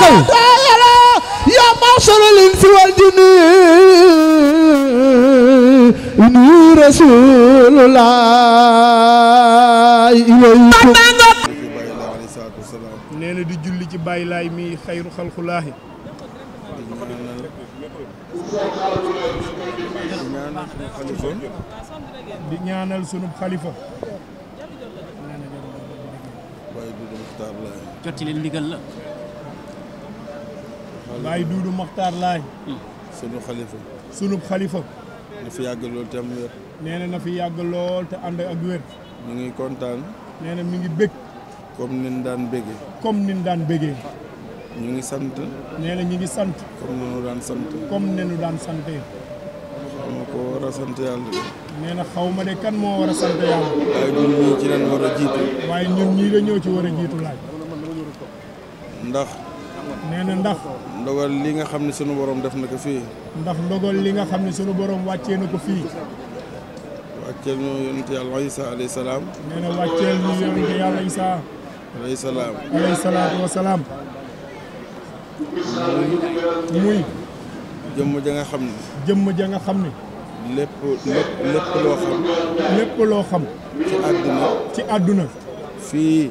kaw ya masalul insi wal jinni ni rasulullah nee na di julli ci Baay Laay mi xayru xalqulaahi di ñaanal sunu xalifa jotti leen ndigal la Baye Doudou Mokhtar lay sunu khalifa sunu khalifa na fi yag lol te am wér. nee na fi yag lol te ànd ak wer ñu ngi contane neena mi ngi begg comme nin daan beggé comme nin daan beggé ñu ngi sant. neena ñu ngi sante comme daan sante comme daan sante. ko ma sante yalla neena xawma de kan mo wara sante yalla ay waaye ñun ci leen wara jitu way ñun ñi la ñoo ci wara jitu ndax. nee na ndax. ndogal li nga xam ne sunu borom def na ko fii. ndax ndogal li nga xam ni sunu borom wàccee na ko fii. wàcceel ñu yonent yàlla Isa alayhi salaam. nee na wàcceel ñu yonent yàlla Isa. alayhi salaam. salaam. muy. jëmm ja nga xam ne. jëmm ja nga xam ni lépp lépp lépp loo xam. ci àdduna. ci àdduna. fii.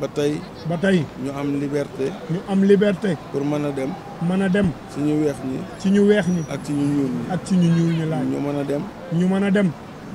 ba tey. ba tey. ñu am liberté. ñu am liberté. pour mën a dem. mën a dem. ci ñu weex ñi. ci ñu weex ñi. ak ci ñu ñuul ñi. ak ci ñu ñuul laaj. ñu mën a dem. ñu mën a dem.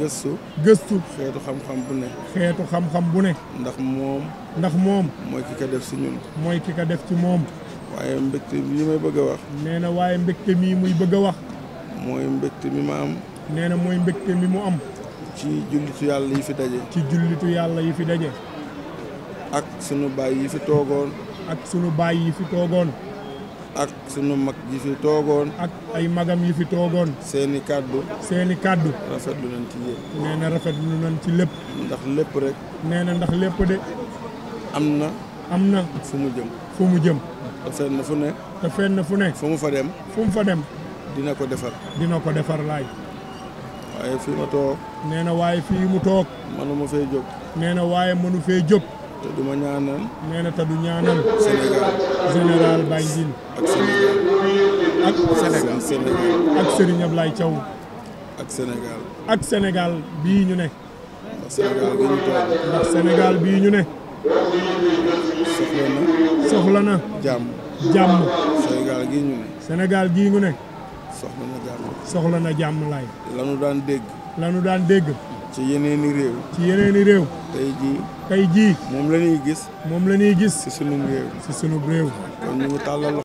gëstu. gëstu. xeetu xam-xam bu ne. xeetu xam-xam bu ne. ndax moom. ndax moom. mooy ki ko def ci ñun. mooy ki ko def ci moom. waaye mbégte bi may bëgg a wax. nee na waaye mbégte mii muy bëgg a wax. mooy mbégte mi ma am. nee na mooy mbégte mi mu am. ci jullitu yàlla yi fi daje. ci jullitu yàlla yi fi daje. ak sunu baay yi fi toogoon. ak sunu baay yi fi toogoon. ak sunu mag yi fi toogoon. ak ay magam yi fi toogoon. seeni kàddu. seeni kàddu. rafetlu nañ ci yéen. nee na rafetlu nañ ci lépp. ndax lépp rek. nee na ndax lépp de. am na. am na. fu mu jëm. fu mu jëm. te fenn fu ne. te fenn fu ne. dem. fu mu fa dem. dina ko defar. dina ko defar laay. waaye fii ma toog. nee na waaye fii mu toog. mënu ma fee jóg. nee na waaye mënu fee jóg. te du ma ñaanal. nee na te du ñaanal. Sénégal général Baye Dine. ak Sénégal ak Sénégal. ak bii ñu ne. ndax bii ñu ne. soxla na. soxla na. jàmm. jàmm. Sénégal gii ñu ne. soxla na jàmm. soxla na jàmm daan dégg. nu daan dégg. ci yeneen i réew. ci yeneen i réew. tey jii. tey jii. moom la ñuy gis. moom la ñuy gis. si sunu réew. si sunu réew. kon ñu